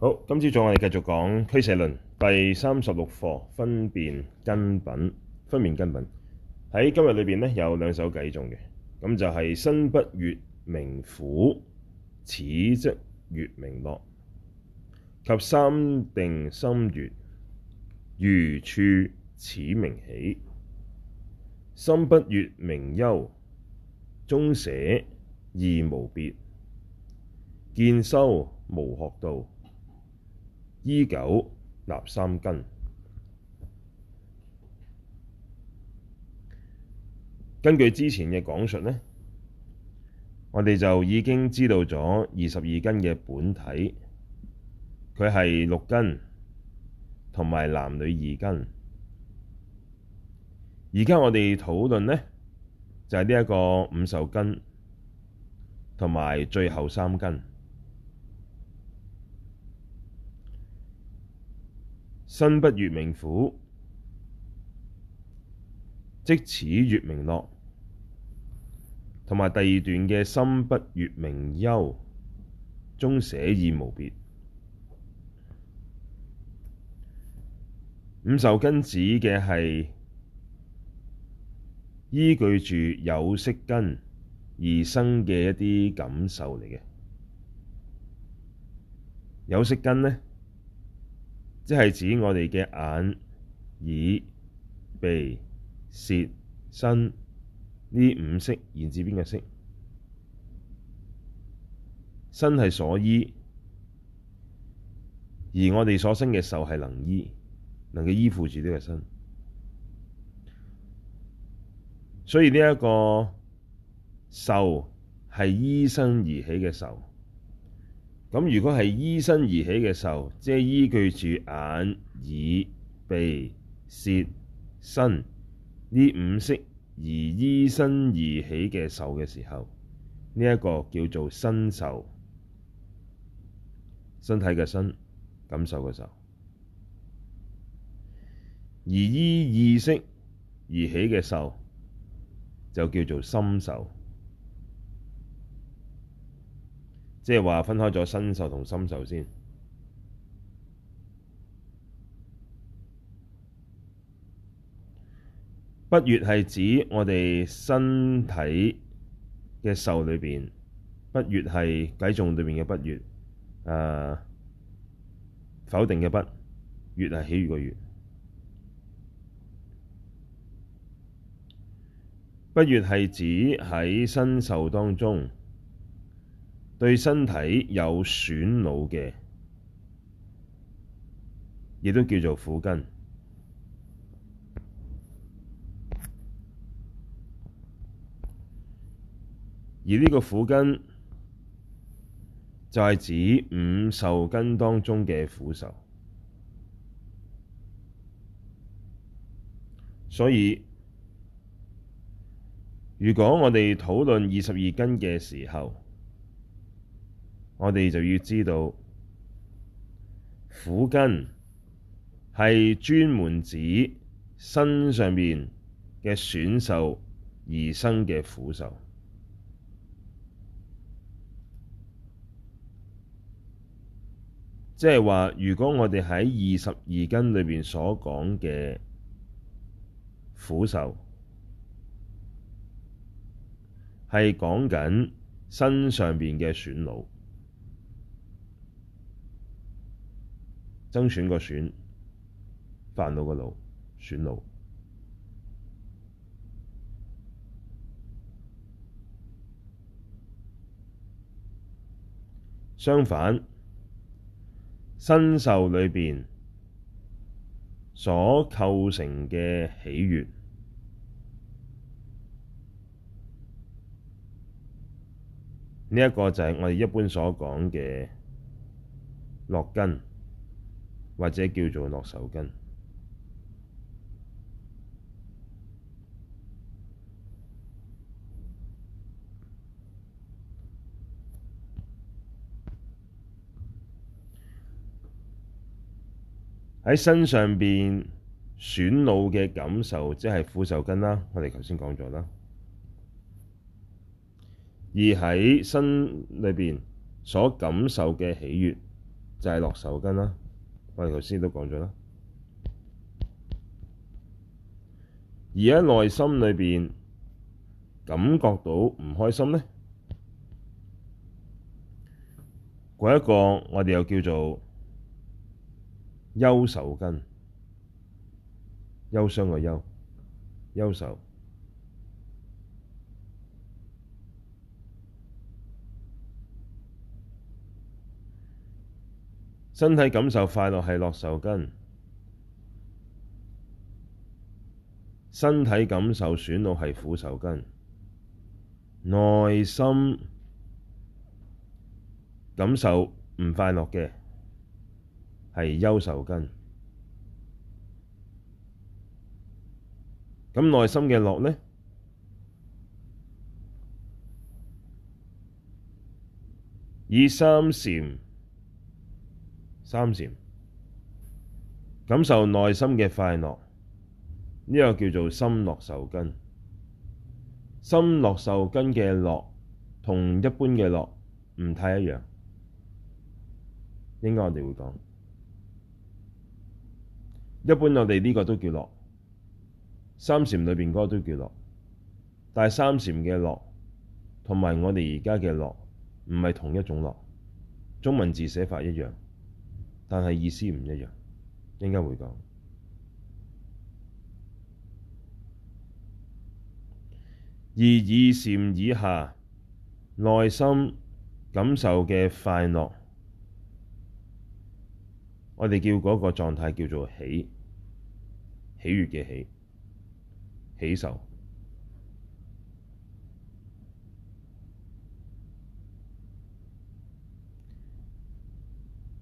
好，今朝早我哋繼續講俱舍論第三十六課，分別根品。分別根品喺今日裏邊呢，有兩首偈頌嘅，咁就係身不悅名苦，此即悅名樂；及三定心悅，餘處此名喜；心不悅名憂，中捨。二無別，見修無學道，依九立三根。根據之前嘅講述，呢我哋就已經知道咗二十二根嘅本體，佢係六根同埋男女二根。而家我哋討論呢，就係呢一個五受根。同埋最後三根，身不悅名苦，即此悅名樂。同埋第二段嘅心不悅名憂，中捨二無別。五受根指嘅係依據住有色根，而生嘅一啲感受嚟嘅，有色根呢，即係指我哋嘅眼、耳、鼻、舌、身呢五色，源自邊個色？身係所依，而我哋所生嘅受係能依，能夠依附住呢個身，所以呢、這、一個。受係依身而起嘅受，咁如果係依身而起嘅受，即係依據住眼、耳、鼻、舌、身呢五識而依身而起嘅受嘅時候，呢、這、一個叫做身受，身體嘅身感受嘅受；而依意識而起嘅受就叫做心受。即係話分開咗身受同心受先。不悅係指我哋身體嘅受裏邊，不悅係偈頌裏邊嘅不悅，啊否定嘅不，悅係喜悅嘅悅。不悅係指喺身受當中。對身體有損惱嘅，亦都叫做苦根。而呢個苦根就係、是、指五受根當中嘅苦受，所以如果我哋討論二十二根嘅時候，我哋就要知道苦根係專門指身上面嘅損受而生嘅苦受，即係話，如果我哋喺二十二根裏邊所講嘅苦受係講緊身上面嘅損惱。爭選個選煩惱個惱選惱，相反，身受裏邊所構成嘅喜悅，呢、這、一個就係我哋一般所講嘅樂根。.或者叫做樂受根，喺身上邊損惱嘅感受，即係苦受根啦。我哋頭先講咗啦，而喺身裏邊所感受嘅喜悦，就係、是、樂受根啦。我哋頭先都講咗啦，而喺內心裏邊感覺到唔開心呢？嗰一個我哋又叫做憂愁根，憂傷嘅憂，憂愁。身體感受快樂係樂受根，身體感受損惱係苦受根，內心感受唔快樂嘅係憂受根。咁內心嘅樂呢？以三禪。三禪，感受內心嘅快樂，呢個叫做心樂受根。心樂受根嘅樂同一般嘅樂唔太一樣，應該我哋會講。一般我哋呢個都叫樂，三禪裏邊嗰個都叫樂，但係三禪嘅樂同埋我哋而家嘅樂唔係同一種樂，中文字寫法一樣。但係意思唔一樣，應該會講。而二禪以下，內心感受嘅快樂，我哋叫嗰個狀態叫做喜，喜悅嘅喜，喜受。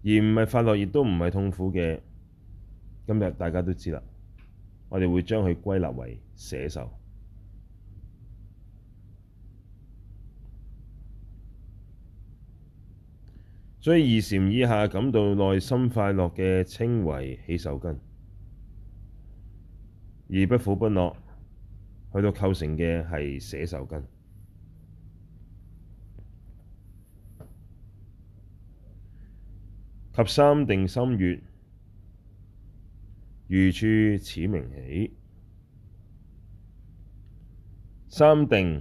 而唔係快樂，亦都唔係痛苦嘅。今日大家都知啦，我哋會將佢歸納為捨受。所以二禪以下感到內心快樂嘅，稱為喜受根；而不苦不樂，去到構成嘅係捨受根。及三定心悅，餘處此名喜；三定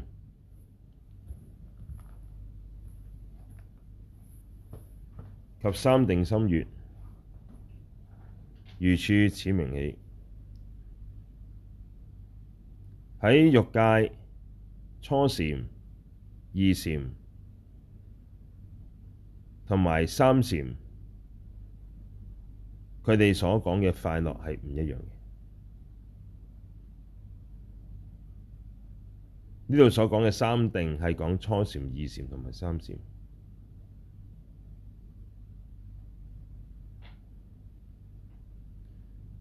及三定心悅，餘處此名喜。喺欲界初禪、二禪同埋三禪。佢哋所講嘅快樂係唔一樣嘅。呢度所講嘅三定係講初禪、二禪同埋三禪，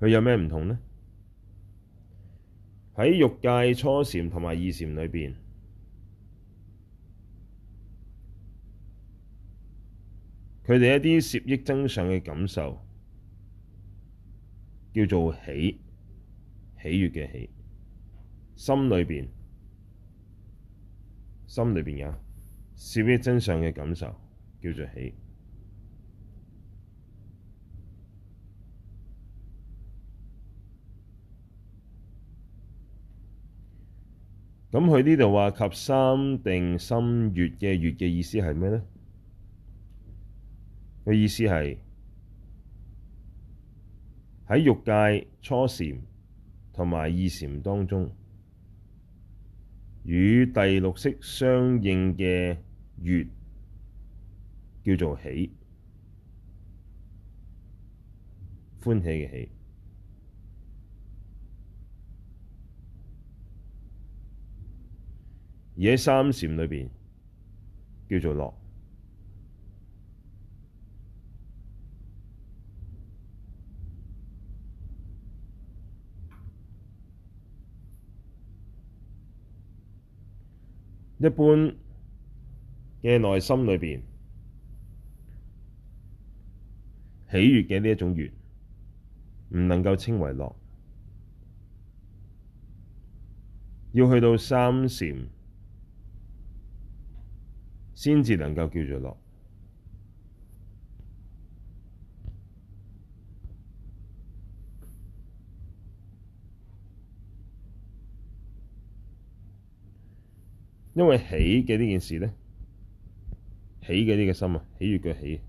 佢有咩唔同呢？喺欲界初禪同埋二禪裏邊，佢哋一啲攝益增上嘅感受。叫做喜，喜悅嘅喜，心裏邊，心裏邊嘅，涉於真相嘅感受，叫做喜。咁佢呢度話及三定心悅嘅悅嘅意思係咩呢？佢意思係。喺欲界初禪同埋二禪當中，與第六識相應嘅悅叫做喜，歡喜嘅喜。而喺三禪裏邊，叫做樂。一般嘅內心裏邊，喜悦嘅呢一種悅，唔能夠稱為樂，要去到三禪，先至能夠叫做樂。因為喜嘅呢件事呢，喜嘅呢個心啊，喜悅嘅喜，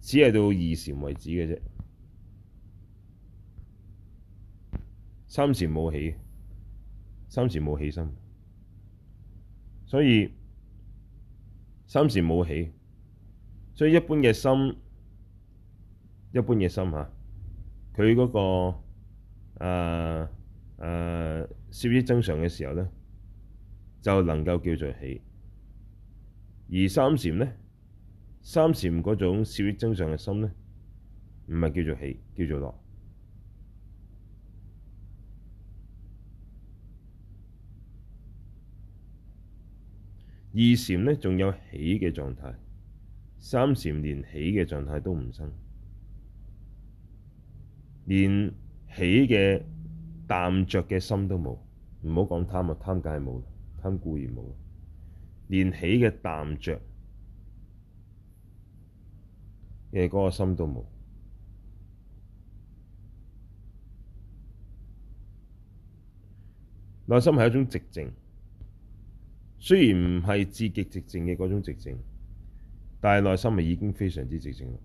只係到二禪為止嘅啫，三禪冇喜，三禪冇喜心，所以三禪冇喜。所以一般嘅心，一般嘅心吓，佢嗰、那個誒誒。呃呃攝益正常嘅時候咧，就能夠叫做喜。而三禪咧，三禪嗰種攝益增上嘅心咧，唔係叫做喜，叫做樂。二禪咧仲有喜嘅狀態，三禪連喜嘅狀態都唔生，連喜嘅。淡着嘅心都冇，唔好講貪啊！貪梗係冇啦，貪固然冇，連喜嘅淡著，嘅嗰個心都冇。內心係一種寂靜，雖然唔係至極寂靜嘅嗰種寂靜，但係內心係已經非常之寂靜咯。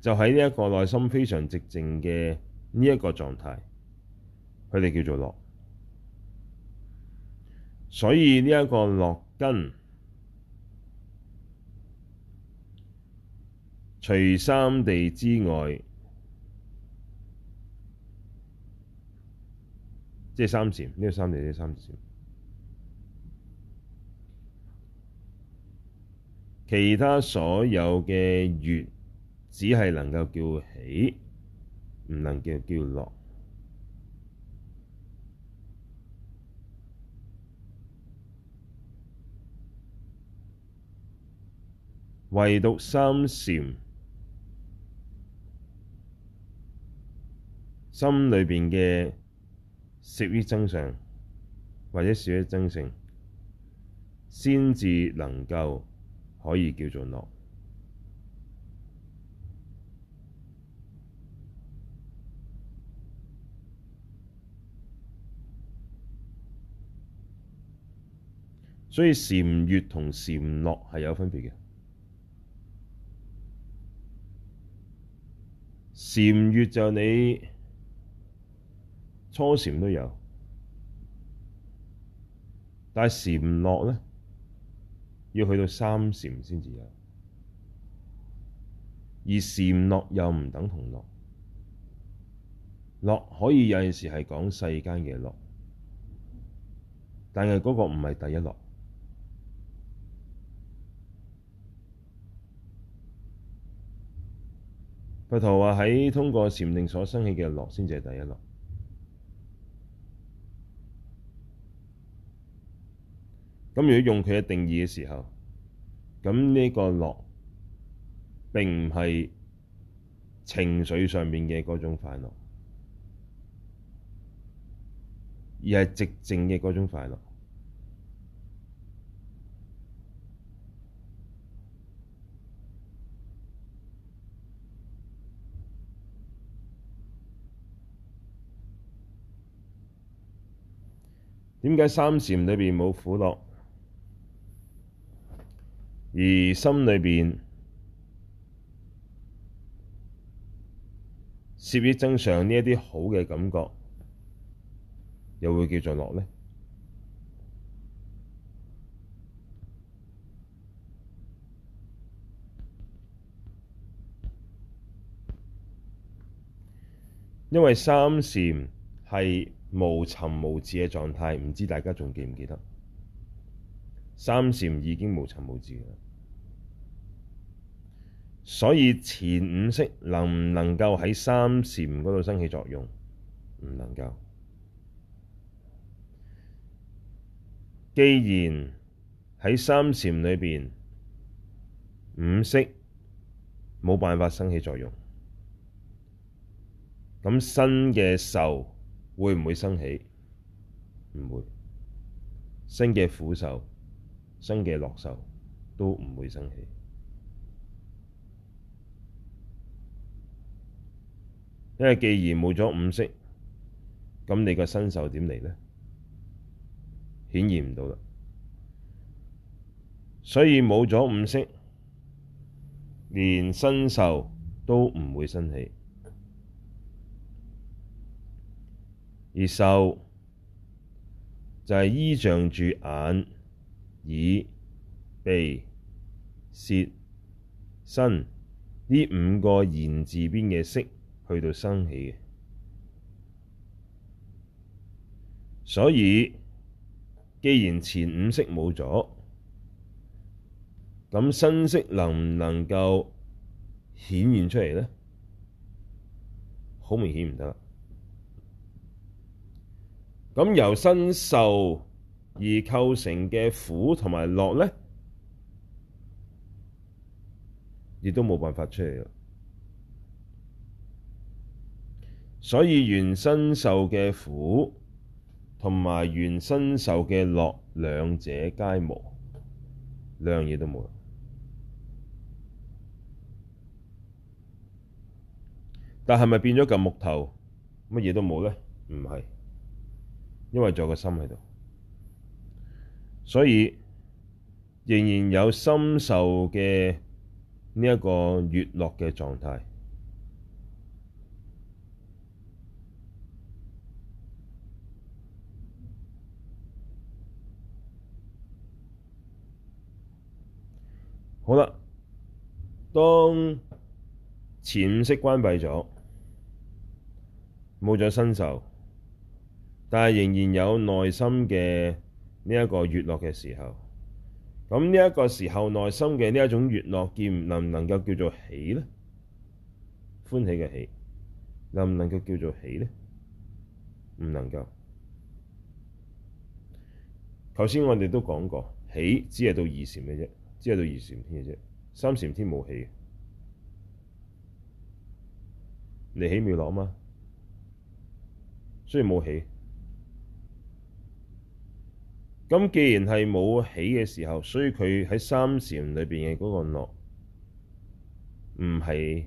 就喺呢一個內心非常寂靜嘅。呢一個狀態，佢哋叫做樂。所以呢一個樂根，除三地之外，即係三禪，呢、這個三地，呢、這個三禪，其他所有嘅悅，只係能夠叫喜。唔能叫叫樂，唯獨三禪，心裏面嘅攝於真相或者攝於真性，先至能夠可以叫做樂。所以禪悅同禪樂係有分別嘅。禪悅就你初禪都有但，但係禪樂咧要去到三禪先至有。而禪樂又唔等同樂，樂可以有陣時係講世間嘅樂，但係嗰個唔係第一樂。佛陀話係通過禪定所生起嘅樂先至係第一樂。咁如果用佢嘅定義嘅時候，咁、這、呢個樂並唔係情緒上面嘅嗰種快樂，而係寂靜嘅嗰種快樂。點解三禪裏面冇苦樂，而心裏邊攝益正常呢一啲好嘅感覺，又會叫做樂呢？因為三禪係。無尋無伺嘅狀態，唔知大家仲記唔記得？三禪已經無尋無伺啦，所以前五識能唔能夠喺三禪嗰度生起作用？唔能夠。既然喺三禪裏邊，五識冇辦法生起作用，咁身嘅受。會唔會生起？唔會。身嘅苦受、身嘅樂受都唔會生起，因為既然冇咗五識，咁你個身受點嚟呢？顯現唔到啦。所以冇咗五識，連身受都唔會生起。而受就係、是、依仗住眼、耳、鼻、舌、身呢五個言字邊嘅識去到生起嘅，所以既然前五識冇咗，咁新識能唔能夠顯現出嚟咧？好明顯唔得。咁由身受而構成嘅苦同埋樂呢，亦都冇辦法出嚟咯。所以原身受嘅苦同埋原身受嘅樂，兩者皆無，兩樣嘢都冇。但係咪變咗嚿木頭，乜嘢都冇呢？唔係。因為仲有個心喺度，所以仍然有心受嘅呢一個悅樂嘅狀態。好啦，當前五識關閉咗，冇咗身受。但係仍然有內心嘅呢一個悅樂嘅時候，咁呢一個時候內心嘅呢一種悅樂，叫能唔能夠叫做喜咧？歡喜嘅喜，能唔能夠叫做喜咧？唔能夠。頭先我哋都講過，喜只係到二禪嘅啫，只係到二禪天嘅啫，三禪天冇喜。你起妙樂啊嘛？所以冇喜。咁既然係冇喜嘅時候，所以佢喺三禪裏邊嘅嗰個樂，唔係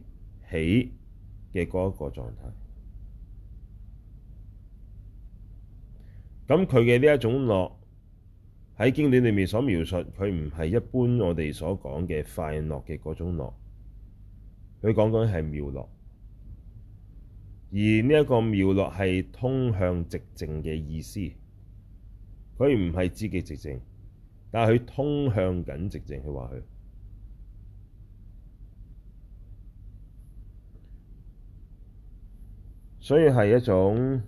喜嘅嗰一個狀態。咁佢嘅呢一種樂，喺經典裏面所描述，佢唔係一般我哋所講嘅快樂嘅嗰種樂。佢講緊係妙樂，而呢一個妙樂係通向寂靜嘅意思。佢唔係知己直情，但係佢通向緊直情。佢話佢，所以係一種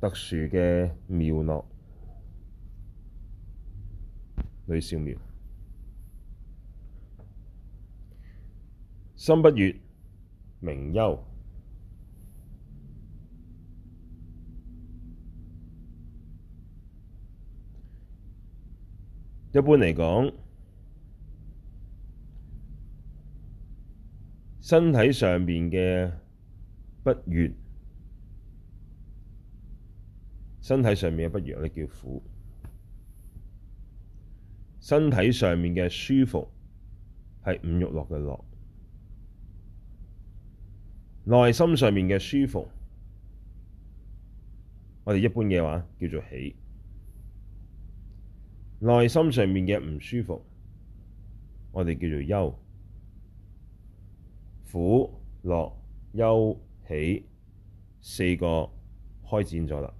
特殊嘅妙樂女小妙，心不悅，名憂。一般嚟講，身體上面嘅不悅，身體上面嘅不悅，呢叫苦；身體上面嘅舒服，係五欲樂嘅樂；內心上面嘅舒服，我哋一般嘅話叫做喜。內心上面嘅唔舒服，我哋叫做憂、苦、樂、憂、喜，四個開展咗喇。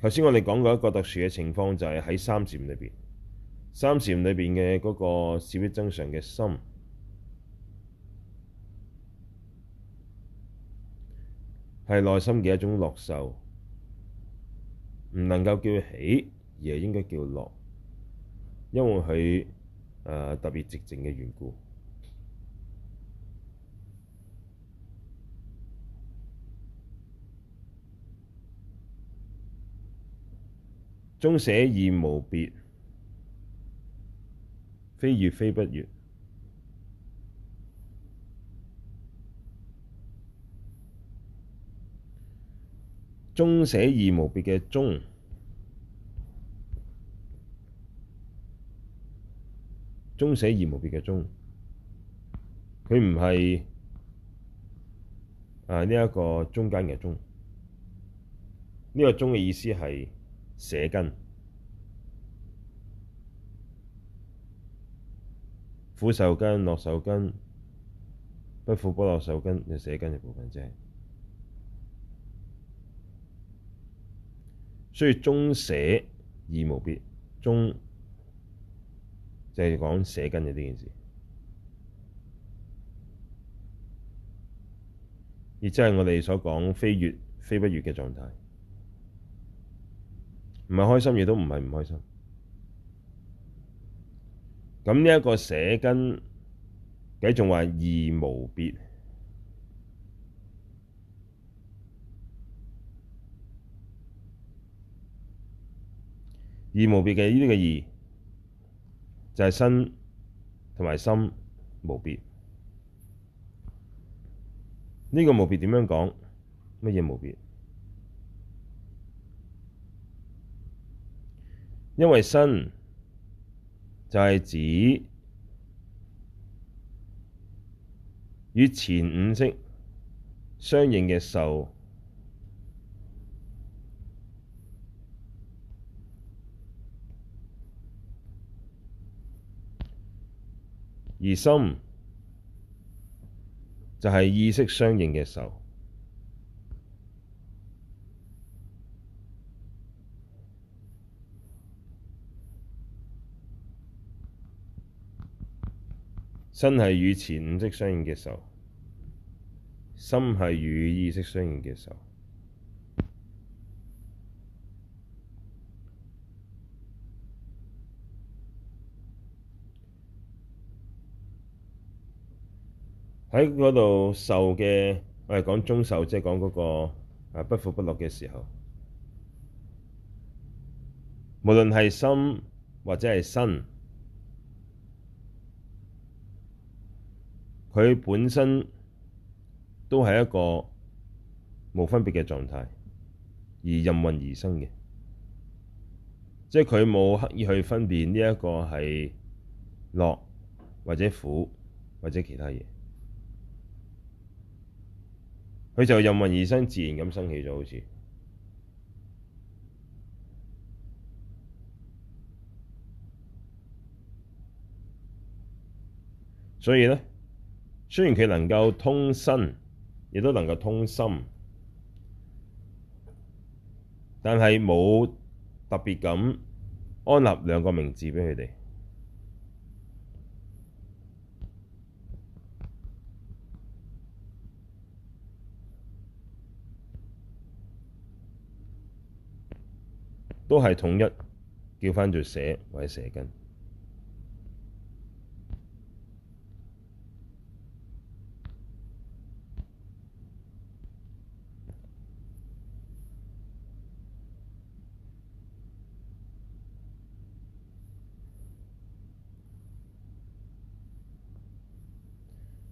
頭先我哋講過一個特殊嘅情況，就係、是、喺三禪裏邊，三禪裏邊嘅嗰個是非正常嘅心。係內心嘅一種樂受，唔能夠叫喜，而係應該叫樂，因為佢、呃、特別寂靜嘅緣故。中捨二無別，非悅非不悅。中捨二無別嘅中，中捨二無別嘅中，佢唔係啊呢一個中間嘅中，呢、這個中嘅意思係捨根、苦受根、樂受根、不苦不樂受根嘅捨根嘅部分啫、就是。所以中捨二無別，中就係、是、講捨根嘅呢件事，亦即係我哋所講非悅、非不悅嘅狀態，唔係開心亦都唔係唔開心。咁呢一個捨根，佢仲話二無別。二無別嘅呢啲嘅二，就係身同埋心無別。呢個無別點樣講？乜嘢無別？因為身就係指與前五識相應嘅受。而心就係、是、意識相應嘅受。身係與前五識相應嘅受。心係與意識相應嘅受。喺嗰度受嘅，我哋講中受，即係講嗰個啊不苦不樂嘅時候，無論係心或者係身，佢本身都係一個冇分別嘅狀態，而任運而生嘅，即係佢冇刻意去分辨呢一個係樂或者苦或者其他嘢。佢就任運而生，自然咁生起咗，好似。所以呢，雖然佢能夠通身，亦都能夠通心，但係冇特別咁安立兩個名字畀佢哋。都係統一叫返做捨，或者捨根。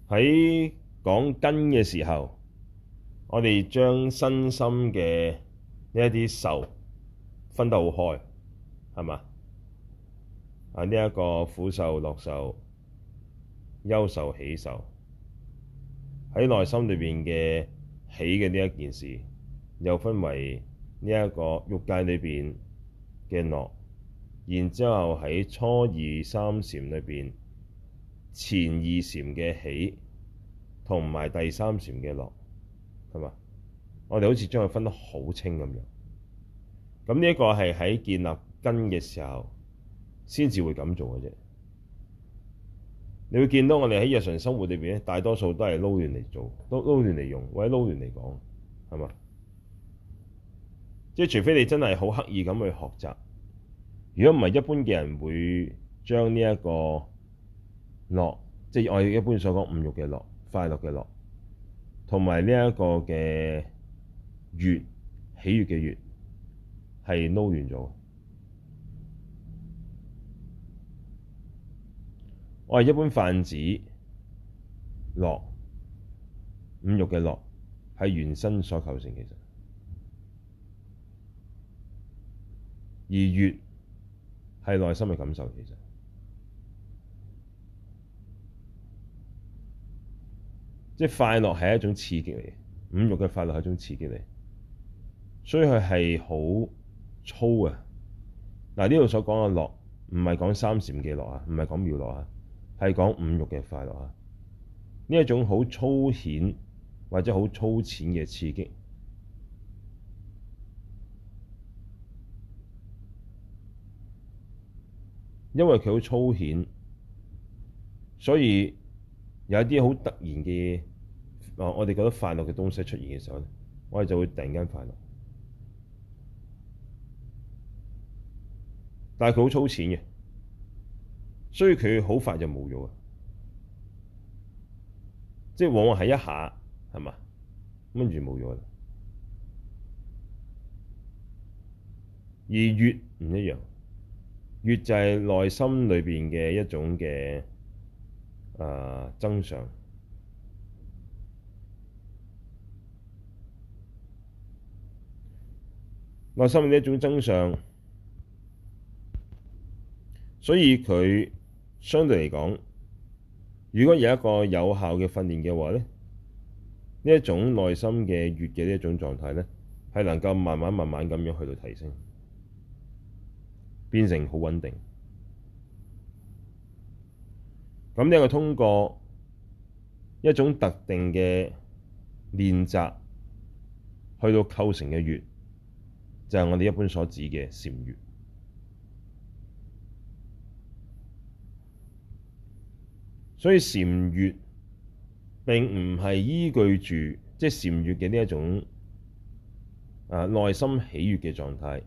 喺講根嘅時候，我哋將身心嘅呢一啲受，分得好開，係嘛？啊呢一個苦受、樂受、憂受、喜受，喺內心裏邊嘅喜嘅呢一件事，又分為呢一個欲界裏邊嘅樂，然之後喺初二三禪裏邊，前二禪嘅喜，同埋第三禪嘅樂，係嘛？我哋好似將佢分得好清咁樣。咁呢一個係喺建立根嘅時候，先至會咁做嘅啫。你會見到我哋喺日常生活裏邊咧，大多數都係撈亂嚟做、撈撈亂嚟用、或者撈亂嚟講，係嘛？即係除非你真係好刻意咁去學習。如果唔係，一般嘅人會將呢一個樂，即係我一般所講五欲嘅樂、快樂嘅樂，同埋呢一個嘅悅、喜悅嘅悅。係撈完咗，我係一般泛指樂五慾嘅樂係原身所構成，其實而悅係內心嘅感受，其實即係快樂係一種刺激嚟，五慾嘅快樂係一種刺激嚟，所以佢係好。粗啊！嗱，呢度所講嘅樂，唔係講三禪嘅樂啊，唔係講妙樂啊，係講五欲嘅快樂啊。呢一種好粗顯或者好粗淺嘅刺激，因為佢好粗顯，所以有一啲好突然嘅，我哋覺得快樂嘅東西出現嘅時候咧，我哋就會突然間快樂。但係佢好粗淺嘅，所以佢好快就冇咗啊！即係往往係一下，係嘛，跟住冇咗啦。而悅唔一樣，悅就係內心裏邊嘅一種嘅啊、呃、增上，內心嘅一種真相。所以佢相對嚟講，如果有一個有效嘅訓練嘅話咧，內的的呢一種內心嘅悅嘅呢一種狀態咧，係能夠慢慢慢慢咁樣去到提升，變成好穩定。咁呢一個通過一種特定嘅練習，去到構成嘅悅，就係、是、我哋一般所指嘅禪悅。所以禪悅並唔係依據住，即係禪悅嘅呢一種啊內心喜悅嘅狀態，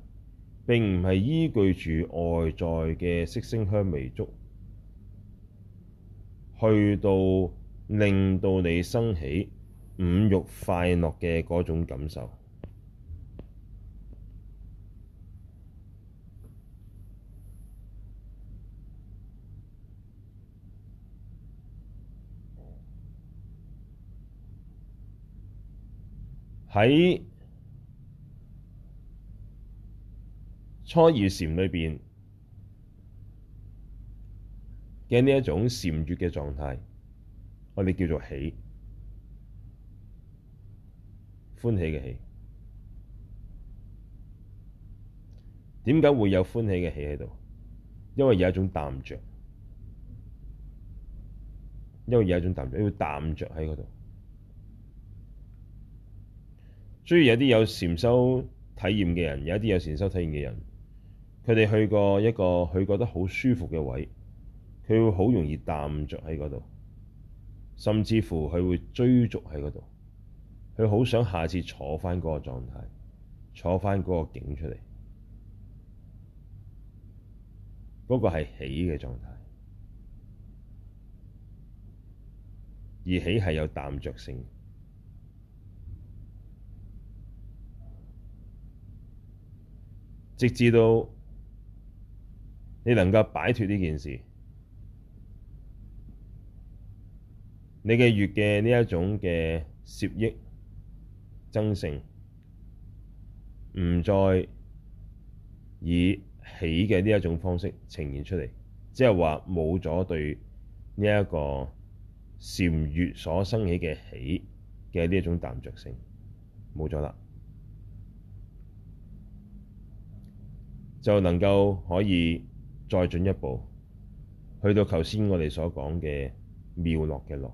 並唔係依據住外在嘅色聲香味觸，去到令到你生起五欲快樂嘅嗰種感受。喺初二禪裏邊嘅呢一種禪悅嘅狀態，我哋叫做喜，歡喜嘅喜。點解會有歡喜嘅喜喺度？因為有一種耽著，因為有一種耽著，要耽著喺嗰度。所以有啲有禪修體驗嘅人，有啲有禪修體驗嘅人，佢哋去過一個佢覺得好舒服嘅位，佢會好容易耽着喺嗰度，甚至乎佢會追逐喺嗰度，佢好想下次坐返嗰個狀態，坐返嗰個景出嚟，嗰、那個係喜嘅狀態，而喜係有耽着性。直至到你能夠擺脫呢件事，你嘅悅嘅呢一種嘅攝益增盛，唔再以喜嘅呢一種方式呈現出嚟，即係話冇咗對呢一個禪悅所生起嘅喜嘅呢一種淡著性，冇咗啦。就能夠可以再進一步去到頭先我哋所講嘅妙樂嘅樂，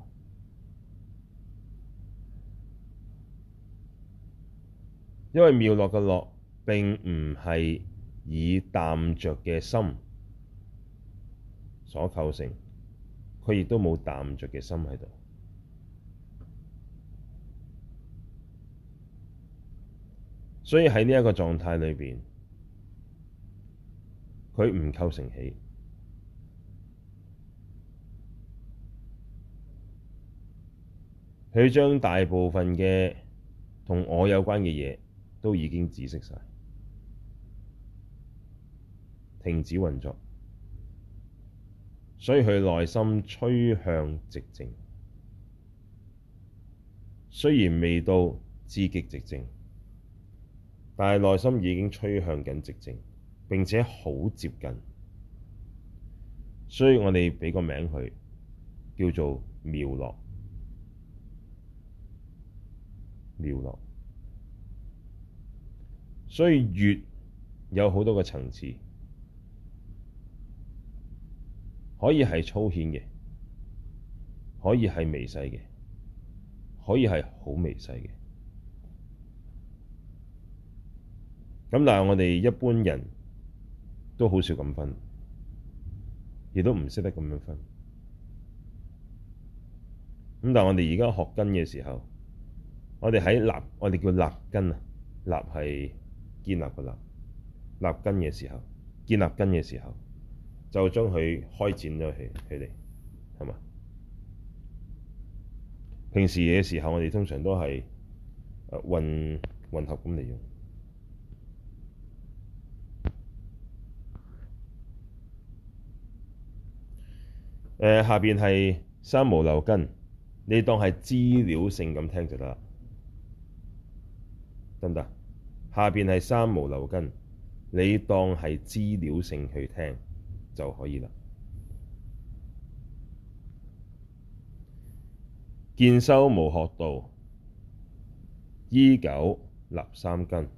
因為妙樂嘅樂並唔係以淡着嘅心所構成，佢亦都冇淡着嘅心喺度，所以喺呢一個狀態裏邊。佢唔構成起，佢將大部分嘅同我有關嘅嘢都已經止息晒，停止運作，所以佢內心趨向寂靜。雖然未到至極寂靜，但係內心已經趨向緊寂靜。並且好接近，所以我哋畀個名佢叫做妙樂妙樂，所以悅有好多個層次，可以係粗顯嘅，可以係微細嘅，可以係好微細嘅。咁但係我哋一般人。都好少咁分，亦都唔識得咁樣分。咁但係我哋而家學根嘅時候，我哋喺立，我哋叫立根啊，立係建立個立，立根嘅時候，建立根嘅時候，就將佢開展咗起起嚟，係嘛？平時嘅時候，我哋通常都係誒混混合咁嚟用。誒下邊，係三無漏根，你當係資料性咁聽就得啦，得唔得？下邊係三無漏根，你當係資料性去聽就可以啦。見修無學道，依、e、九立三根，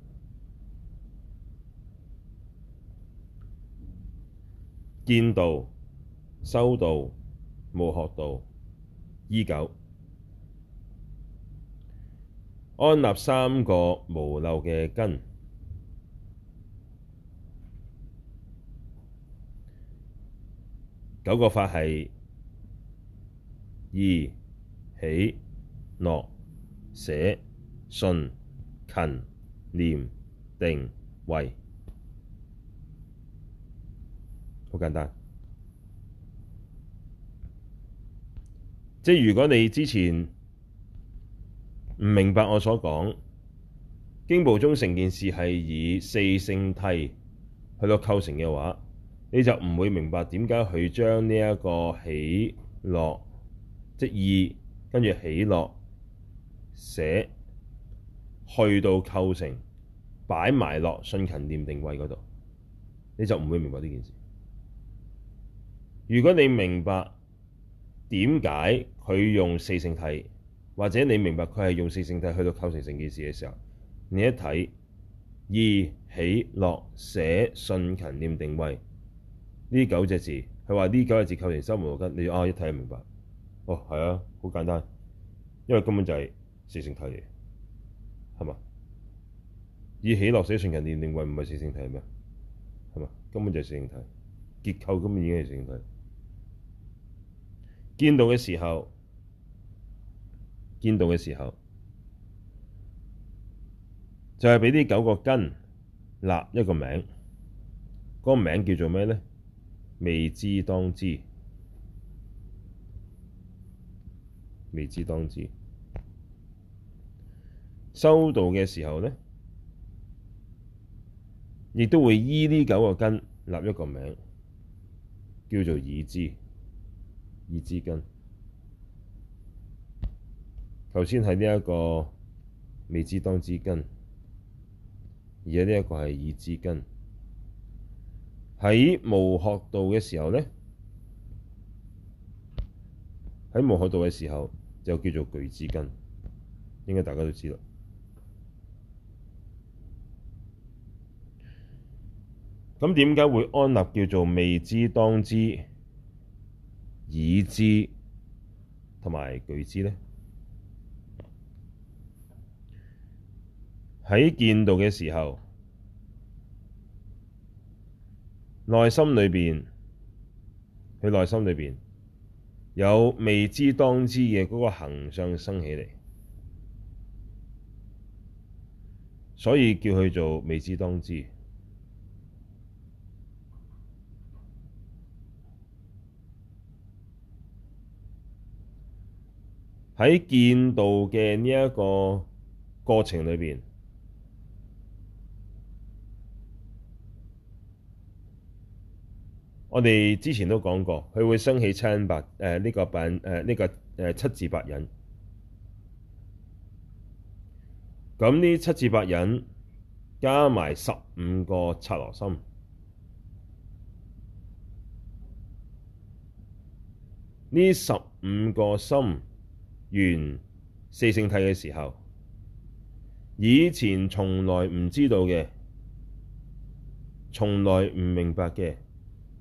見道。修道無學道，依九安立三個無漏嘅根，九個法係意喜樂捨信勤念定慧，好簡單。即如果你之前唔明白我所講經部中成件事係以四聖諦去到構成嘅話，你就唔會明白點解佢將呢一個喜樂即意跟住喜樂捨去到構成擺埋落信勤念定慧嗰度，你就唔會明白呢件事。如果你明白，點解佢用四性體？或者你明白佢係用四性體去到構成成件事嘅時候，你一睇，意喜樂捨信勤念定慧」呢九隻字，佢話呢九隻字構成三無漏根。你啊一睇就明白，哦係啊，好簡單，因為根本就係四性體嚟，係嘛？意喜樂捨信勤念定慧」唔係四性體係咩？係嘛？根本就係四性體，結構根本已經係四性體。見道嘅時候，見道嘅時候，就係畀呢九個根立一個名，嗰、那個名叫做咩呢？未知當知，未知當知。修道嘅時候呢，亦都會依呢九個根立一個名，叫做已知。已知根，頭先係呢一個未知當知根。而家呢一個係已知根。喺無學道嘅時候呢，喺無學道嘅時候就叫做具知根，應該大家都知道，咁點解會安立叫做未知當知？已知同埋具知咧，喺見道嘅時候，內心裏邊，佢內心裏邊有未知當知嘅嗰個行相生起嚟，所以叫佢做未知當知。喺見道嘅呢一個過程裏邊，我哋之前都講過，佢會升起七百誒呢個品誒呢個誒、呃這個呃、七智八忍。咁呢七智八忍加埋十五個七羅心，呢十五個心。緣四聖諦嘅時候，以前從來唔知道嘅，從來唔明白嘅，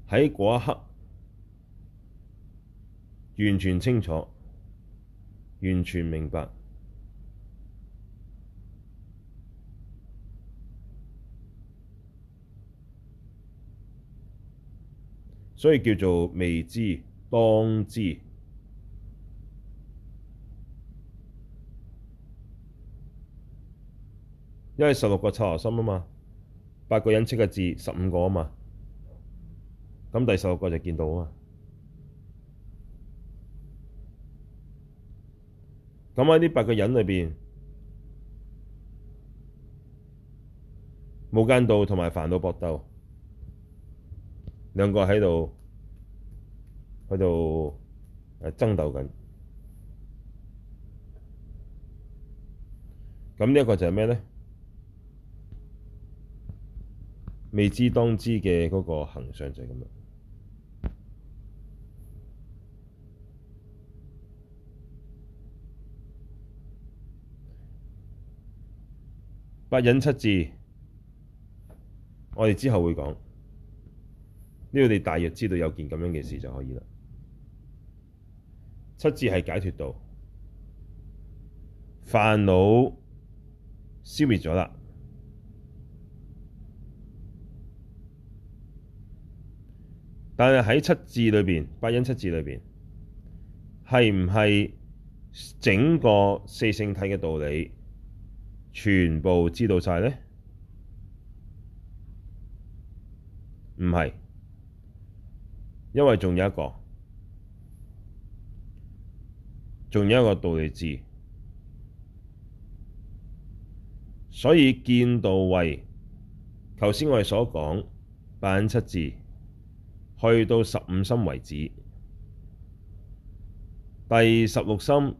喺嗰一刻完全清楚，完全明白，所以叫做未知當知。因為十六個湊合心啊嘛，八個忍七個智十五個啊嘛。咁第十六個就見到啊嘛。咁喺呢八個人裏邊，無間道同埋煩惱搏鬥，兩個喺度喺度誒爭鬥緊，咁呢一個就係咩咧？未知當知嘅嗰個行相就係咁啦。八忍七智，我哋之後會講。呢度，你大約知道有件咁樣嘅事就可以啦。七智係解脫道，煩惱消滅咗啦。但係喺七智裏邊，八忍七智裏邊，係唔係整個四聖諦嘅道理全部知道晒呢？唔係，因為仲有一個，仲有一個道類智，所以見道位，頭先我哋所講八忍七智。去到十五心為止，第十六心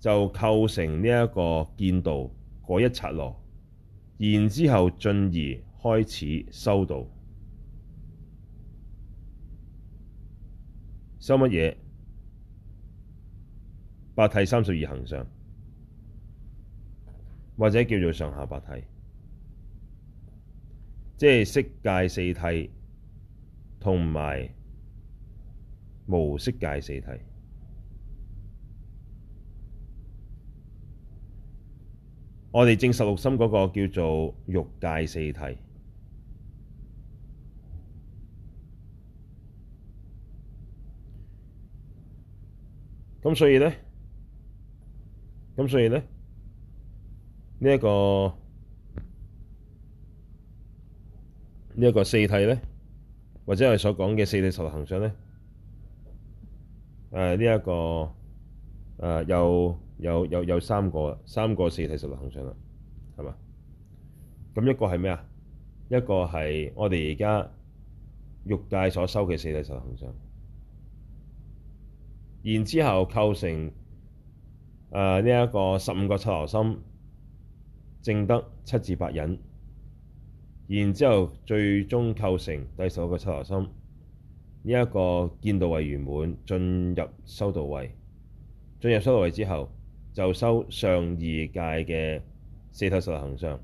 就構成呢一個見道嗰一刹那，然之後進而開始修道，修乜嘢？八諦三十二行相，或者叫做上下八諦，即係色界四諦。同埋無色界四諦，我哋正十六心嗰個叫做欲界四諦。咁所以咧，咁所以咧，呢一個呢一個四諦咧，或者我所講嘅四諦十六行相呢，誒呢一個誒、呃、有有有有三個啦，三個四諦十六行相啦，係嘛？咁一個係咩啊？一個係我哋而家欲界所收嘅四諦十六行相，然之後構成誒呢一個十五個剎那心，正得七智八忍。然之後，最終構成第十一嘅七羅心，呢、這、一個見道位圓滿，進入修道位。進入修道位之後，就修上二界嘅四諦十六行相。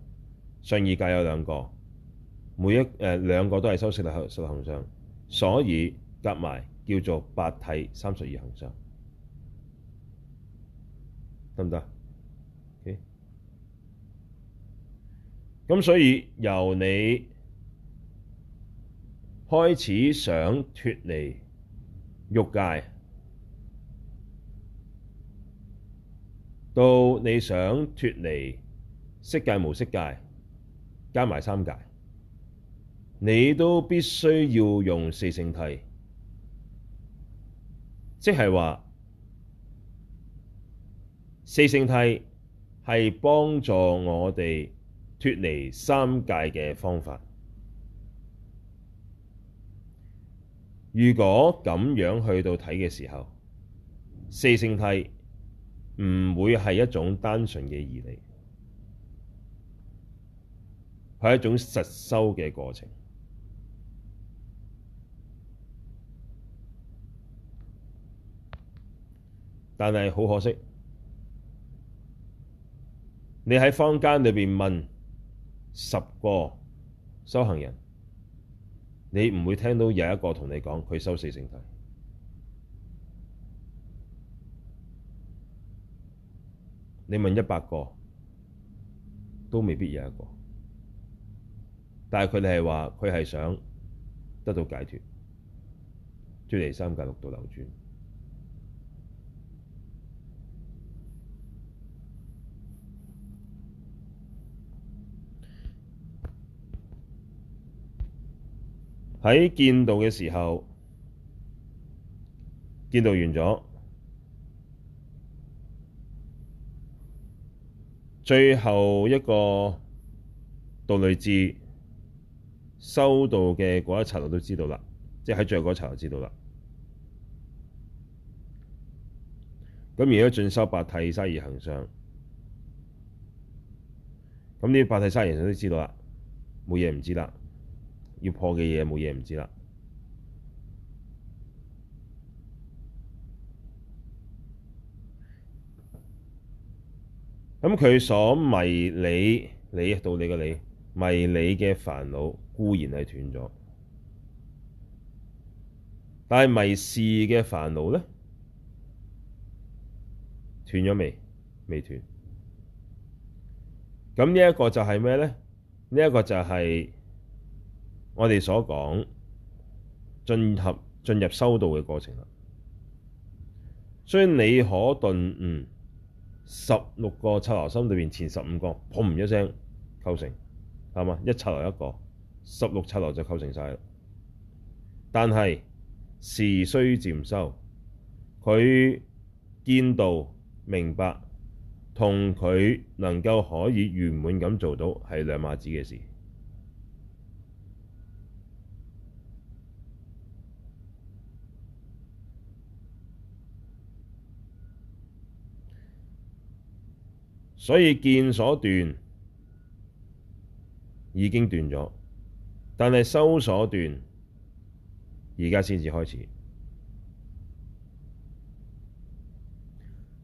上二界有兩個，每一誒兩、呃、個都係修四諦十六行相，所以夾埋叫做八諦三十二行相。得唔得？咁所以由你開始想脫離欲界，到你想脫離色界、無色界，加埋三界，你都必須要用四聖諦，即係話四聖諦係幫助我哋。脫離三界嘅方法，如果咁樣去到睇嘅時候，四聖諦唔會係一種單純嘅義理，係一種實修嘅過程。但係好可惜，你喺坊間裏邊問。十個修行人，你唔會聽到有一個同你講佢修四聖諦。你問一百個，都未必有一個。但係佢哋係話佢係想得到解脫，出離三界六道流轉。喺見道嘅時候，見道完咗，最後一個道類智，修道嘅嗰一層我都知道啦，即係喺最後嗰層知道啦。咁而家進修八諦沙而行相，咁呢八諦沙而行相都知道啦，冇嘢唔知啦。要破嘅嘢，冇嘢唔知啦。咁佢所迷理，理、道理嘅理，迷理嘅煩惱固然係斷咗，但係迷事嘅煩惱呢？斷咗未？未斷。咁呢一個就係咩呢？呢、這、一個就係、是。我哋所講，進入修道嘅過程啦，所以你可頓悟十六個七流心裏面前十五個，砰一聲構成，啱嗎？一七流一個，十六七流就構成曬。但係事須漸修，佢見到明白，同佢能夠可以完滿咁做到係兩碼子嘅事。所以見所斷已經斷咗，但係修所斷而家先至開始。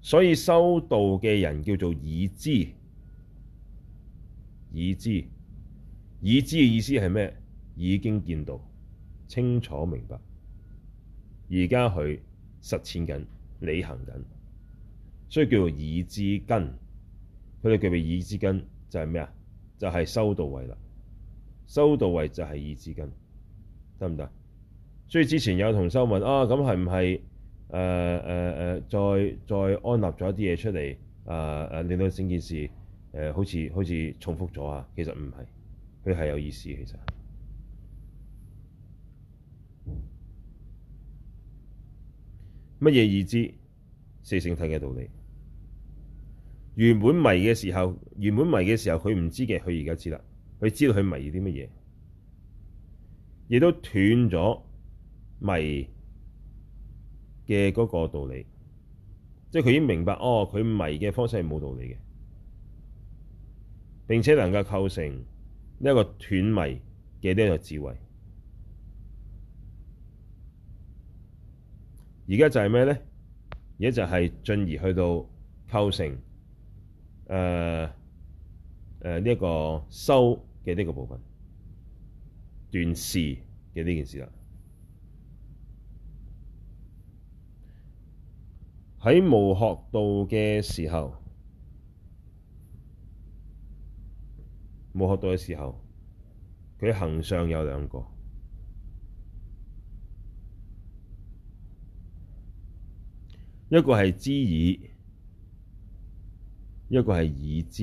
所以修道嘅人叫做已知，已知已知嘅意思係咩？已經見到清楚明白，而家佢實踐緊、履行緊，所以叫做已知根。佢哋叫做已知根，就係咩啊？就係、是、修道位啦，修道位就係已知根，得唔得？所以之前有同修問啊，咁係唔係誒誒誒，再再安立咗一啲嘢出嚟啊啊，令到整件事誒、呃，好似好似重複咗啊？其實唔係，佢係有意思，其實乜嘢已知四聖體嘅道理？原本迷嘅時候，原本迷嘅時候，佢唔知嘅，佢而家知啦。佢知道佢迷啲乜嘢，亦都斷咗迷嘅嗰個道理。即係佢已經明白，哦，佢迷嘅方式係冇道理嘅，並且能夠構成呢一個斷迷嘅呢一個智慧。而家就係咩咧？而家就係進而去到構成。誒誒，呢一，呃，呃這個收嘅呢個部分斷事嘅呢件事啦，喺冇學道嘅時候，冇學道嘅時候，佢行相有兩個，一個係知已。一個係已知，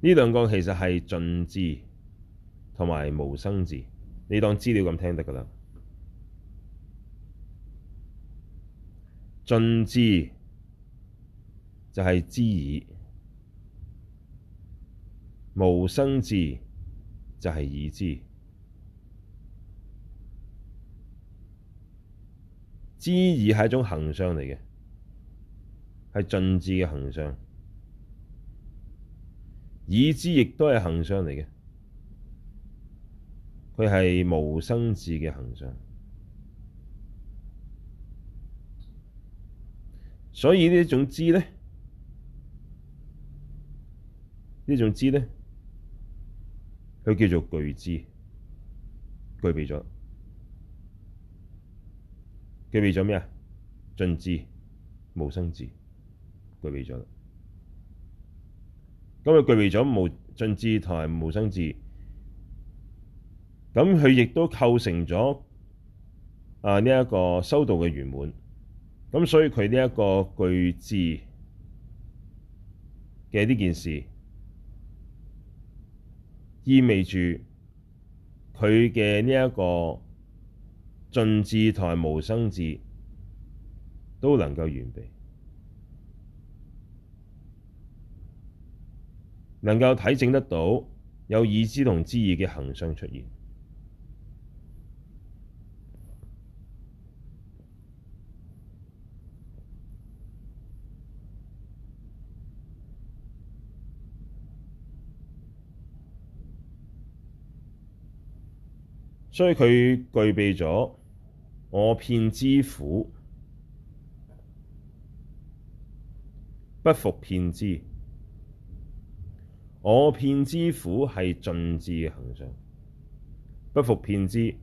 呢兩個其實係盡智同埋無生智，你當資料咁聽得噶啦。盡智就係知已，無生智就係已知。知已係一種行相嚟嘅，係盡智嘅行相。已知亦都係行相嚟嘅，佢係無生智嘅行相。所以呢一種知呢，呢種知呢，佢叫做具知，具備咗。具備咗咩啊？盡智、無生智，具備咗啦。咁佢具備咗無盡智同埋無生智，咁佢亦都構成咗啊呢一個修道嘅圓滿。咁所以佢呢一個具知嘅呢件事，意味住佢嘅呢一個。盡智同無生智都能夠完備，能夠體證得到有知已同已知嘅行相出現，所以佢具備咗。我遍知苦，不復遍知；我遍知苦係盡智嘅行相，不復遍知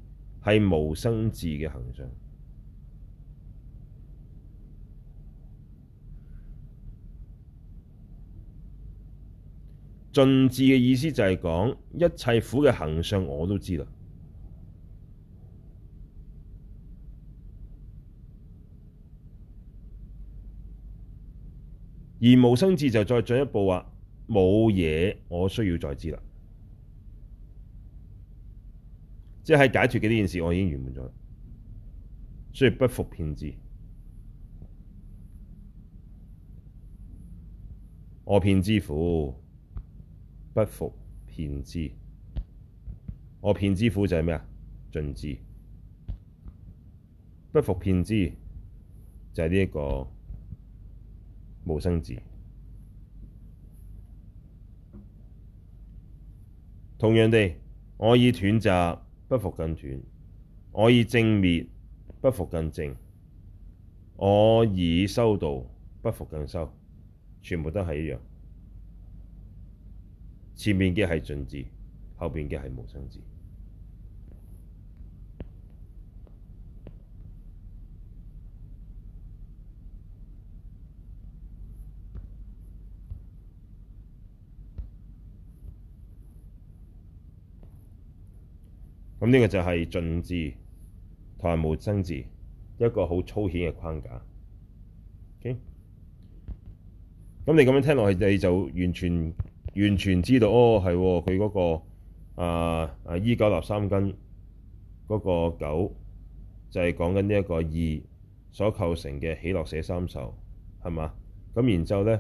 係無生智嘅行相。盡智嘅意思就係講一切苦嘅行相我都知啦。而無生智就再進一步話「冇嘢，我需要再知喇。」即係解決嘅呢件事，我已經完滿咗，所以不復遍知，我遍知苦，不復遍知，我遍知苦就係咩啊？盡智。不復遍知就係呢一個。無生智，同樣地，我已斷集，不復更斷，我已証滅，不復更証，我已修道，不復更修，全部都係一樣。前面嘅係盡智，後面嘅係無生智。咁呢個就係盡智同埋無生智一個好粗顯嘅框架。咁、okay? 你咁樣聽落去，你就完全完全知道哦，係佢嗰個啊啊依九立三根嗰、那個九就係講緊呢一個二所構成嘅喜樂捨三受，係嘛？咁然之後咧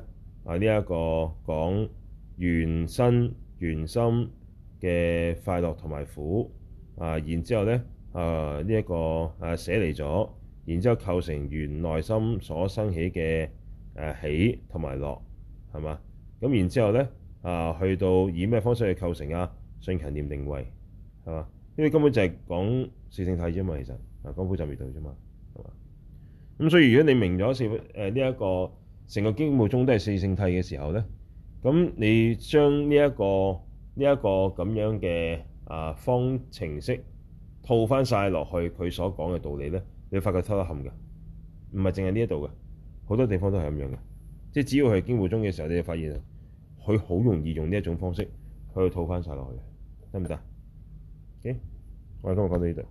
啊呢一、這個講原身原心嘅快樂同埋苦。啊，然之後咧，啊呢一、這個啊捨離咗，然之後構成原內心所生起嘅誒喜同埋樂，係嘛？咁然之後咧，啊，啊，呢啊去到以咩方式去構成啊？信勤念定慧，係嘛？因為根本就係講四聖諦啫嘛，其實啊講補習業道啫嘛，係嘛？咁所以如果你明咗四誒呢一個成個經目中都係四聖諦嘅時候咧，咁你將呢一個呢一、這個咁樣嘅。啊，方程式套翻晒落去，佢所講嘅道理咧，你會發覺會偷得冚嘅，唔係淨係呢一度嘅，好多地方都係咁樣嘅，即係只要係經過中嘅時候，你就發現佢好容易用呢一種方式去套翻晒落去，得唔得？OK，我哋今日講到呢度。